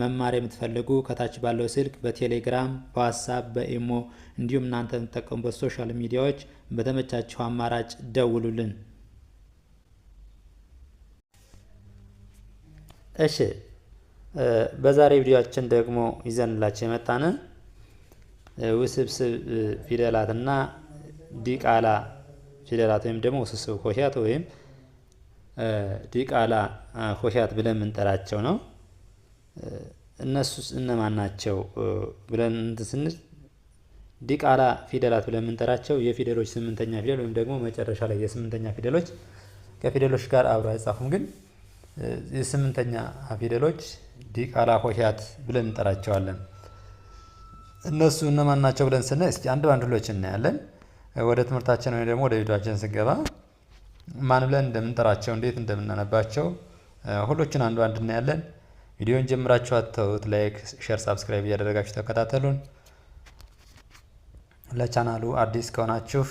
መማር የምትፈልጉ ከታች ባለው ስልክ በቴሌግራም በዋትሳፕ በኢሞ እንዲሁም እናንተ የምትጠቀሙበት ሶሻል ሚዲያዎች በተመቻቸው አማራጭ ደውሉልን። እሺ በዛሬ ቪዲዮችን ደግሞ ይዘንላቸው የመጣን ውስብስብ ፊደላትና ዲቃላ ፊደላት ወይም ደግሞ ውስብስብ ሆሄያት ወይም ዲቃላ ሆሄያት ብለን የምንጠራቸው ነው። እነሱስ እነማን ናቸው ብለን እንትን ስንል ዲቃላ ፊደላት ብለን የምንጠራቸው የፊደሎች ስምንተኛ ፊደል ወይም ደግሞ መጨረሻ ላይ የስምንተኛ ፊደሎች ከፊደሎች ጋር አብረው አይጻፉም፣ ግን የስምንተኛ ፊደሎች ዲቃላ ሆሄያት ብለን እንጠራቸዋለን። እነሱ እነማን ናቸው ብለን ስናይ እስኪ አንድ ባንድ ሁሎች እናያለን። ወደ ትምህርታችን ወይም ደግሞ ወደ ቪዲዮችን ስንገባ ማን ብለን እንደምንጠራቸው እንዴት እንደምናነባቸው ሁሎችን አንዱ ባንድ እናያለን። ቪዲዮን ጀምራችሁ አተውት ላይክ፣ ሼር፣ ሳብስክራይብ እያደረጋችሁ ተከታተሉን። ለቻናሉ አዲስ ከሆናችሁ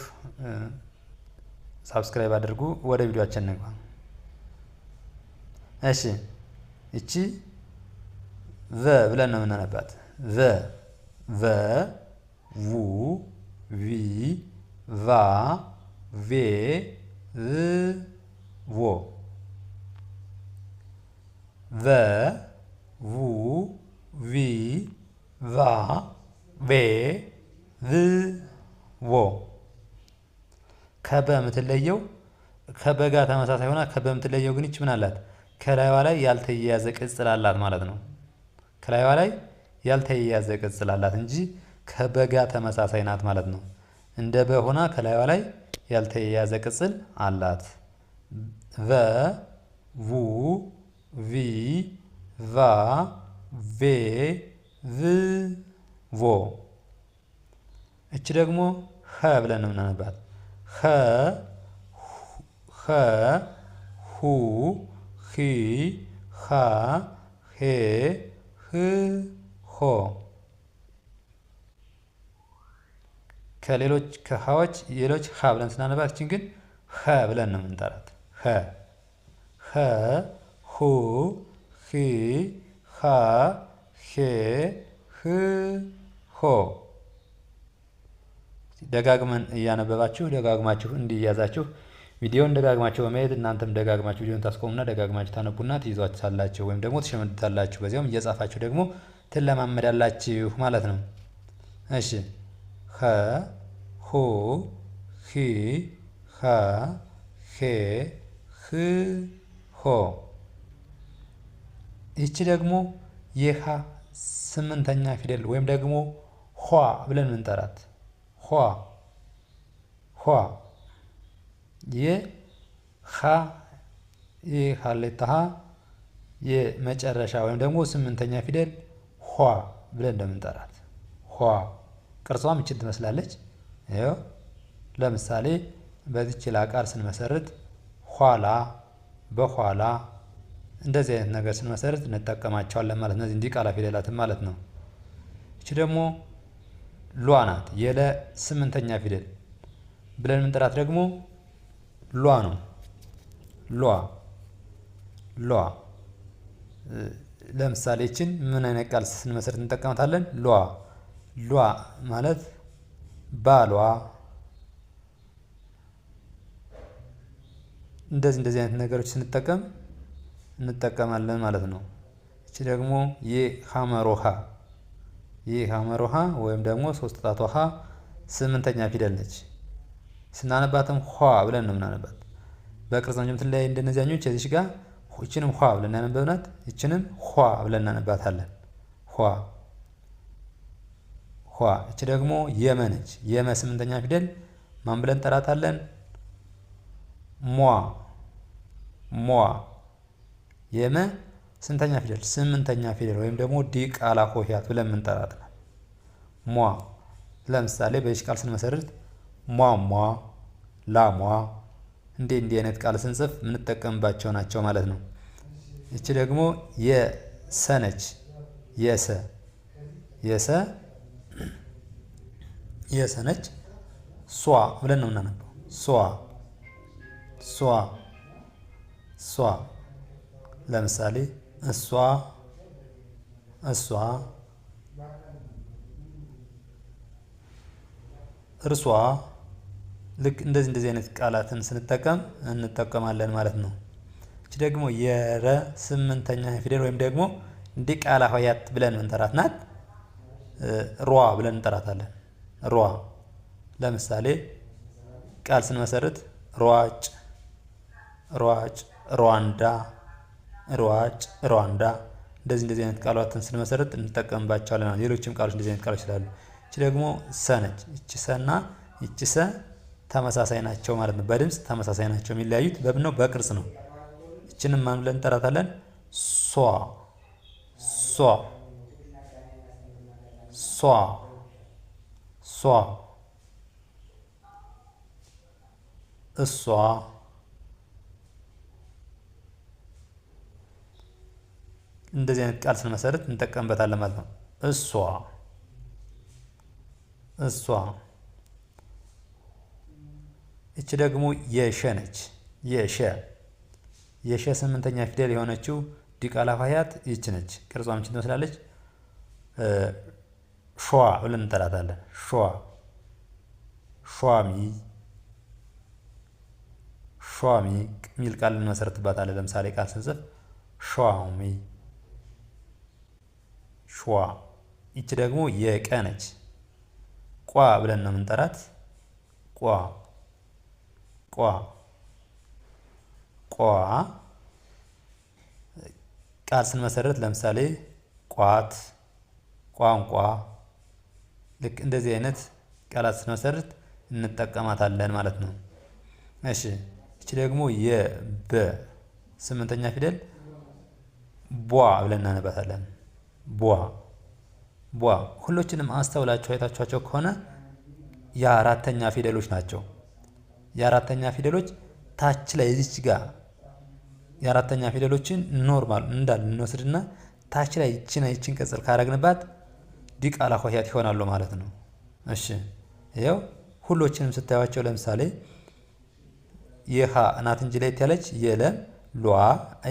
ሳብስክራይብ አድርጉ። ወደ ቪዲዮአችን እንግባ። እሺ እቺ ቨ ብለን ነው የምናነባት። ቨ ቨ ቡ ቪ ቫ ቬ ዎ ቨ ዉ ቪ ቫ ቬ ቭ ቮ ከበ የምትለየው ከበጋ ተመሳሳይ ሆና ከበ የምትለየው ግን ይች ምን አላት? ከላይዋ ላይ ያልተያያዘ ቅጽል አላት ማለት ነው። ከላይዋ ላይ ያልተያያዘ ቅጽል አላት እንጂ ከበጋ ተመሳሳይ ናት ማለት ነው። እንደ በ ሆና ከላይዋ ላይ ያልተያያዘ ቅጽል አላት። ቨ ቡ ቪ ቫ ቬ ቭ ቮ። እች ደግሞ ኸ ብለን ነው የምናነባት። ኸ ኸ ሁ ሂ ሃ ሄ ህ ሆ ከሌሎች ከሃዎች ሌሎች ሀ ብለን ስናነባት እችን ግን ኸ ብለን ነው የምንጠራት። ኸ ኸ ሁ ህ ሃ ሄ ህ ሆ። ደጋግመን እያነበባችሁ ደጋግማችሁ እንዲያዛችሁ ቪዲዮን ደጋግማችሁ በመሄድ እናንተም ደጋግማችሁ ቪዲዮን ታስቆሙና ደጋግማችሁ ታነቡና ትይዟችኋላችሁ ወይም ደግሞ ትሸመድታላችሁ። በዚያውም እየጻፋችሁ ደግሞ ትለማመዳላችሁ ማለት ነው። እሺ ኸ ሁ ሂ ሃ ሄ ህ ሆ ይቺ ደግሞ የሃ ስምንተኛ ፊደል ወይም ደግሞ ኋ ብለን ምንጠራት ኋ ኋ የሃ የሃሌታ ሃ የመጨረሻ ወይም ደግሞ ስምንተኛ ፊደል ኋ ብለን እንደምንጠራት ኋ ቅርጿም እችን ትመስላለች። ይኸው ለምሳሌ በዚች ላቃር ስንመሰርት ኋላ በኋላ እንደዚህ አይነት ነገር ስንመሰርት እንጠቀማቸዋለን ማለት ነው። እንዲህ ቃላ ፊደላትን ማለት ነው። እቺ ደግሞ ሏ ናት። የለ ስምንተኛ ፊደል ብለን ምንጥራት ደግሞ ሏ ነው። ሏ ሏ ለምሳሌ እችን ምን አይነት ቃል ስንመሰርት እንጠቀማታለን? ሏ ሏ ማለት ባሏ እንደዚህ እንደዚህ አይነት ነገሮች ስንጠቀም እንጠቀማለን ማለት ነው። እቺ ደግሞ የሐመሮሃ የሐመሮሃ ወይም ደግሞ ሶስት ጣቷ ሃ ስምንተኛ ፊደል ነች። ስናነባትም ኋ ብለን ነው በቅርጽ ነው በቅርጸኞች ላይ እንደነዚያኞች እዚህ ጋር እችንም ኋ ብለን እናነበብናት፣ እችንም ኋ ብለን እናነባታለን። ኋ ኋ። እቺ ደግሞ የመ ነች። የመ ስምንተኛ ፊደል ማን ብለን እንጠራታለን? ሟ ሟ የመ ስንተኛ ፊደል? ስምንተኛ ፊደል ወይም ደግሞ ዲቃላ ሆሄያት ብለን የምንጠራት ነው። ሟ ለምሳሌ በዚች ቃል ስንመሰርት ሟሟ፣ ላሟ እንዴ እንዲህ አይነት ቃል ስንጽፍ የምንጠቀምባቸው ናቸው ማለት ነው። እቺ ደግሞ የሰነች የሰ የሰ የሰነች ሷ ብለን ነው የምናነበው ሷ ሷ ሷ ለምሳሌ እሷ እሷ እርሷ ልክ እንደዚህ እንደዚህ አይነት ቃላትን ስንጠቀም እንጠቀማለን ማለት ነው። እቺ ደግሞ የረ ስምንተኛ ፊደል ወይም ደግሞ እንዲህ ቃላ ሆሄያት ብለን ምንጠራት ናት። ሯ ብለን እንጠራታለን። ሯ ለምሳሌ ቃል ስንመሰርት ሯጭ፣ ሯጭ፣ ሯንዳ ሯጭ፣ ሯንዳ እንደዚህ እንደዚህ አይነት ቃላትን ስንመሰረት እንጠቀምባቸዋለን። ሌሎችም ቃሎች እንደዚህ አይነት ቃሎች ይችላሉ። እቺ ደግሞ ሰ ነች። እቺ ሰና እቺ ሰ ተመሳሳይ ናቸው ማለት ነው። በድምፅ ተመሳሳይ ናቸው። የሚለያዩት በምን ነው? በቅርጽ ነው። እችንም ማን ብለን እንጠራታለን? ሷ ሷ ሷ ሷ እሷ እንደዚህ አይነት ቃል ስንመሰርት እንጠቀምበታለን ማለት ነው። እሷ እሷ። እች ደግሞ የሸ ነች። የሸ የሸ ስምንተኛ ፊደል የሆነችው ዲቃላ ይች ነች። ቅርጿ ምችን ትመስላለች። ሸዋ ብለን እንጠራታለን። ሸዋ ሸዋሚ ሸዋሚ የሚል ቃል እንመሰርትባታለን። ለምሳሌ ቃል ስንጽፍ ሸዋሚ ሸዋ ይቺ ደግሞ የቀ ነች። ቋ ብለን ነው የምንጠራት። ቋ ቋ ቋ ቃል ስንመሰረት ለምሳሌ ቋት፣ ቋንቋ ልክ እንደዚህ አይነት ቃላት ስንመሰረት እንጠቀማታለን ማለት ነው። እሺ እቺ ደግሞ የበ ስምንተኛ ፊደል ቧ ብለን እናነባታለን። ቧ ቧ ሁሎችንም አስተውላችሁ አይታችኋቸው ከሆነ የአራተኛ ፊደሎች ናቸው። የአራተኛ ፊደሎች ታች ላይ እዚች ጋር የአራተኛ ፊደሎችን ኖርማል እንዳል እንወስድና ታች ላይ ይችን ይችን ቅጽል ካረግንባት ዲቃላ ሆሄያት ይሆናሉ ማለት ነው። እሺ ይኸው ሁሎችንም ስታዩቸው ለምሳሌ የሃ እናት እንጂ ለየት ያለች የለ ሏ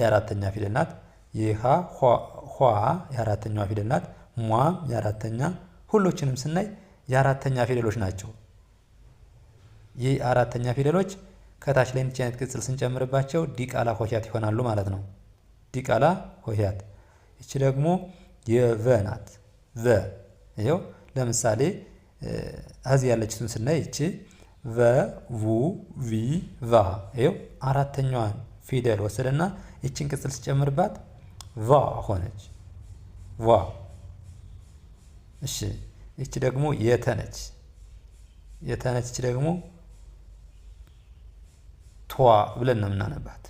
የአራተኛ ፊደል ናት። የሃ ኋ የአራተኛዋ ፊደል ናት። ሟም የአራተኛ ሁሎችንም ስናይ የአራተኛ ፊደሎች ናቸው። ይህ አራተኛ ፊደሎች ከታች ላይ እንዲህ አይነት ቅጽል ስንጨምርባቸው ዲቃላ ሆሄያት ይሆናሉ ማለት ነው። ዲቃላ ሆሄያት። ይቺ ደግሞ የቨ ናት። ቨ ይኸው ለምሳሌ እዚህ ያለችቱን ስናይ ይቺ ቨ ቡ ቪ ቫ ይኸው አራተኛዋን ፊደል ወሰደና ይቺን ቅጽል ሲጨምርባት ቫ ሆነች። ቫ እሺ፣ ይቺ ደግሞ የተነች የተነች እቺ ደግሞ ቷ ብለን ነው የምናነባት።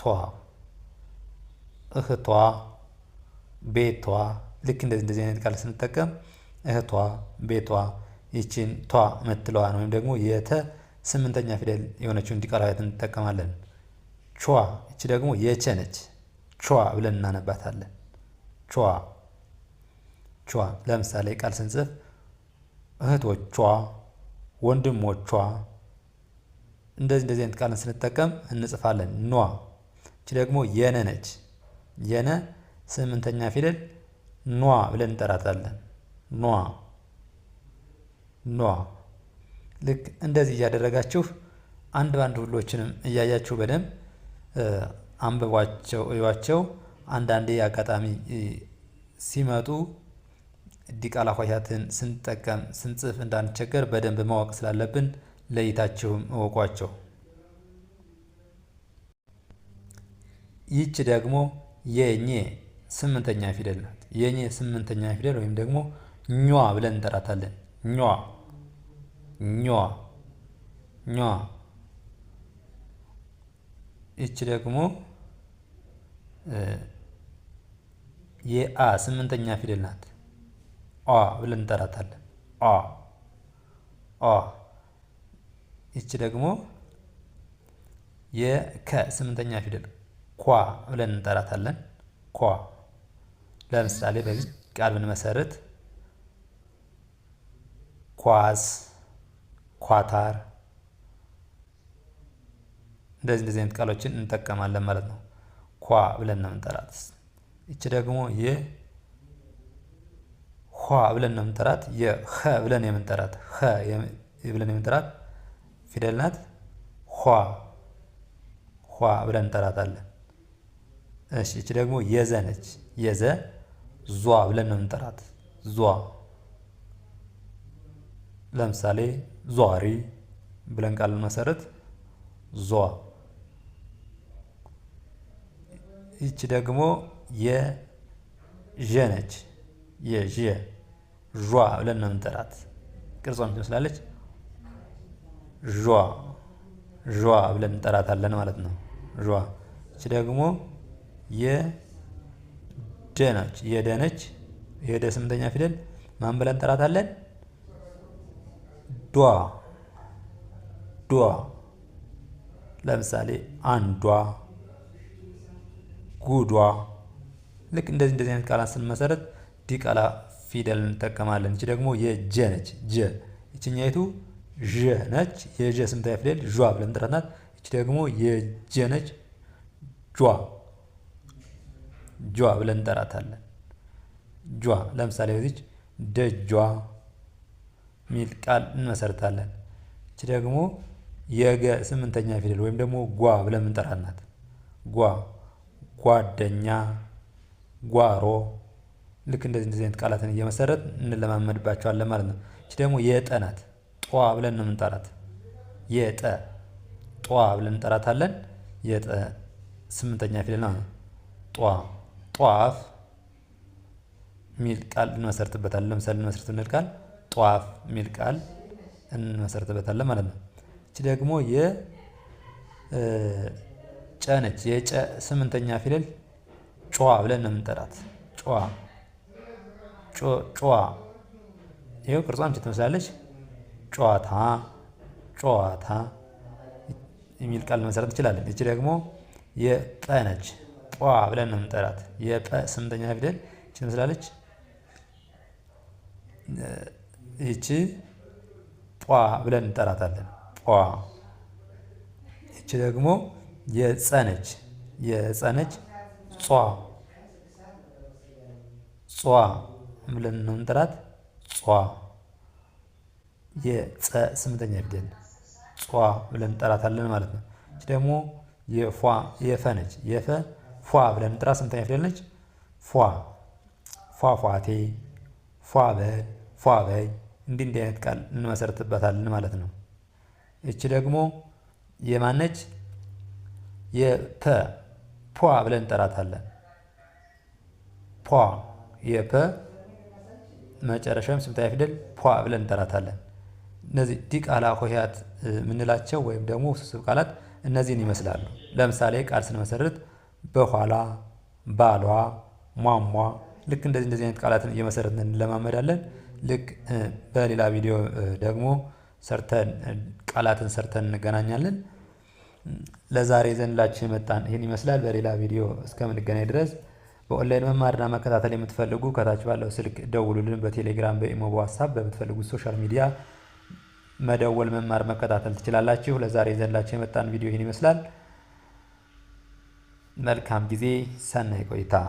ቷ እህቷ፣ ቤቷ ልክ እንደዚህ እንደዚህ አይነት ቃል ስንጠቀም እህቷ፣ ቤቷ ይችን ቷ ምትለዋን ወይም ደግሞ የተ ስምንተኛ ፊደል የሆነችው ዲቃላዊት እንጠቀማለን። ቿ እቺ ደግሞ የቸ ነች። ቿ ብለን እናነባታለን። ቿ ቿ። ለምሳሌ ቃል ስንጽፍ እህቶቿ፣ ወንድሞቿ እንደዚህ እንደዚህ አይነት ቃልን ስንጠቀም እንጽፋለን። ኗ እቺ ደግሞ የነ ነች። የነ ስምንተኛ ፊደል ኗ ብለን እንጠራታለን። ኗ ኗ። ልክ እንደዚህ እያደረጋችሁ አንድ ባንድ ሁሎችንም እያያችሁ በደንብ አንብቧቸው፣ እዩዋቸው። አንዳንዴ አጋጣሚ ሲመጡ ዲቃላ ሆሄያትን ስንጠቀም ስንጽፍ እንዳንቸገር በደንብ ማወቅ ስላለብን ለይታችሁም እወቋቸው። ይህች ደግሞ የኘ ስምንተኛ ፊደል ናት። የኘ ስምንተኛ ፊደል ወይም ደግሞ ኟ ብለን እንጠራታለን። ኟ ኟ ኟ። ይቺ ደግሞ የአ ስምንተኛ ፊደል ናት። አ ብለን እንጠራታለን። አ አ ይቺ ደግሞ የከ ስምንተኛ ፊደል ኳ ብለን እንጠራታለን። ኳ ለምሳሌ በዚህ ቃል ብንመሰርት ኳስ፣ ኳታር እንደዚህ እንደዚህ አይነት ቃሎችን እንጠቀማለን ማለት ነው። ኳ ብለን ነው የምንጠራት። ይቺ ደግሞ የ ኳ ብለን ነው የምንጠራት። የኸ ብለን የምንጠራት ኸ ብለን የምንጠራት ፊደል ናት። ኳ ኳ ብለን እንጠራታለን። እሺ እቺ ደግሞ የዘ ነች። የዘ ዟ ብለን ነው የምንጠራት። ዟ ለምሳሌ ዟሪ ብለን ቃል መሰረት ዟ ይች ደግሞ የዠ ነች። የዠ ዧ ብለን ነው የምንጠራት። ቅርጿ ምን ትመስላለች? ዧ ዧ ብለን እንጠራታለን ማለት ነው። ዧ ይች ደግሞ የደ ነች። የደ ነች። የደ ስምንተኛ ፊደል ማን ብለን እንጠራታለን? ዷ ዷ ለምሳሌ አንዷ ጉዷ። ልክ እንደዚህ እንደዚህ አይነት ቃላት ስንመሰረት ዲቃላ ፊደል እንጠቀማለን። እቺ ደግሞ የጀ ነች። ጀ እቺኛይቱ ዠ ነች። የጀ ስምታይ ፊደል ዣ ብለን ጥረናት። እቺ ደግሞ የጀ ነች። ጇ ጇ ብለን እንጠራታለን። ጇ ለምሳሌ በዚች ደጇ ሚል ቃል እንመሰርታለን። እቺ ደግሞ የገ ስምንተኛ ፊደል ወይም ደግሞ ጓ ብለን እንጠራናት ጓ ጓደኛ፣ ጓሮ ልክ እንደዚህ እንደዚህ አይነት ቃላትን እየመሰረት እንለማመድባቸዋለን ማለት ነው። እቺ ደግሞ የጠ ናት። ጧ ብለን ነው የምንጠራት። የጠ ጧ ብለን እንጠራታለን። የጠ ስምንተኛ ፊደል ነው። ጧ ጧፍ ሚል ቃል እንመሰርትበታለን። ለምሳሌ እንመሰርት ብንል ቃል ጧፍ ሚል ቃል እንመሰርትበታለን ማለት ነው። እቺ ደግሞ የ ጨነች ነች። የጨ ስምንተኛ ፊደል ጨዋ ብለን ነው የምንጠራት። ጨዋ ጨዋ። ይኸው ቅርጿም ትመስላለች። ጨዋታ ጨዋታ የሚል ቃል መሰረት እንችላለን። ይቺ ደግሞ የጠ ነች። ጧ ብለን ነው የምንጠራት። የጠ ስምንተኛ ፊደል ይቺ ትመስላለች። ይቺ ጧ ብለን እንጠራታለን። ጧ ይቺ ደግሞ የጸነች የጸነች ጿ ጿ ብለን ነው እንጠራት። ጿ የጸ ስምንተኛ ፊደል ጿ ብለን እንጠራታለን ማለት ነው። እች ደግሞ የፏ የፈ ነች። የፈ ፏ ብለን እንጠራት ስምንተኛ ፊደል ነች። ፏ ፏፏቴ፣ ፏ በል፣ ፏ በይ እንዲህ እንዲህ አይነት ቃል እንመሰርትበታለን ማለት ነው። እች ደግሞ የማነች የፐ ፖ ብለን እንጠራታለን። ፖ የፐ መጨረሻም ስምታይ ፊደል ፖ ብለን እንጠራታለን። እነዚህ ዲቃላ ሆሄያት የምንላቸው ወይም ደግሞ ውስብስብ ቃላት እነዚህን ይመስላሉ። ለምሳሌ ቃል ስንመሰርት በኋላ፣ ባሏ፣ ሟሟ ልክ እንደዚህ እንደዚህ አይነት ቃላትን እየመሰረትን እንለማመዳለን። ልክ በሌላ ቪዲዮ ደግሞ ሰርተን ቃላትን ሰርተን እንገናኛለን። ለዛሬ ዘንላችን መጣን ይህን ይመስላል። በሌላ ቪዲዮ እስከምንገናኝ ድረስ በኦንላይን መማርና መከታተል የምትፈልጉ ከታች ባለው ስልክ ደውሉልን። በቴሌግራም፣ በኢሞ፣ በዋትሳፕ በምትፈልጉ ሶሻል ሚዲያ መደወል፣ መማር፣ መከታተል ትችላላችሁ። ለዛሬ ዘንላችን የመጣን ቪዲዮ ይህን ይመስላል። መልካም ጊዜ፣ ሰናይ ቆይታ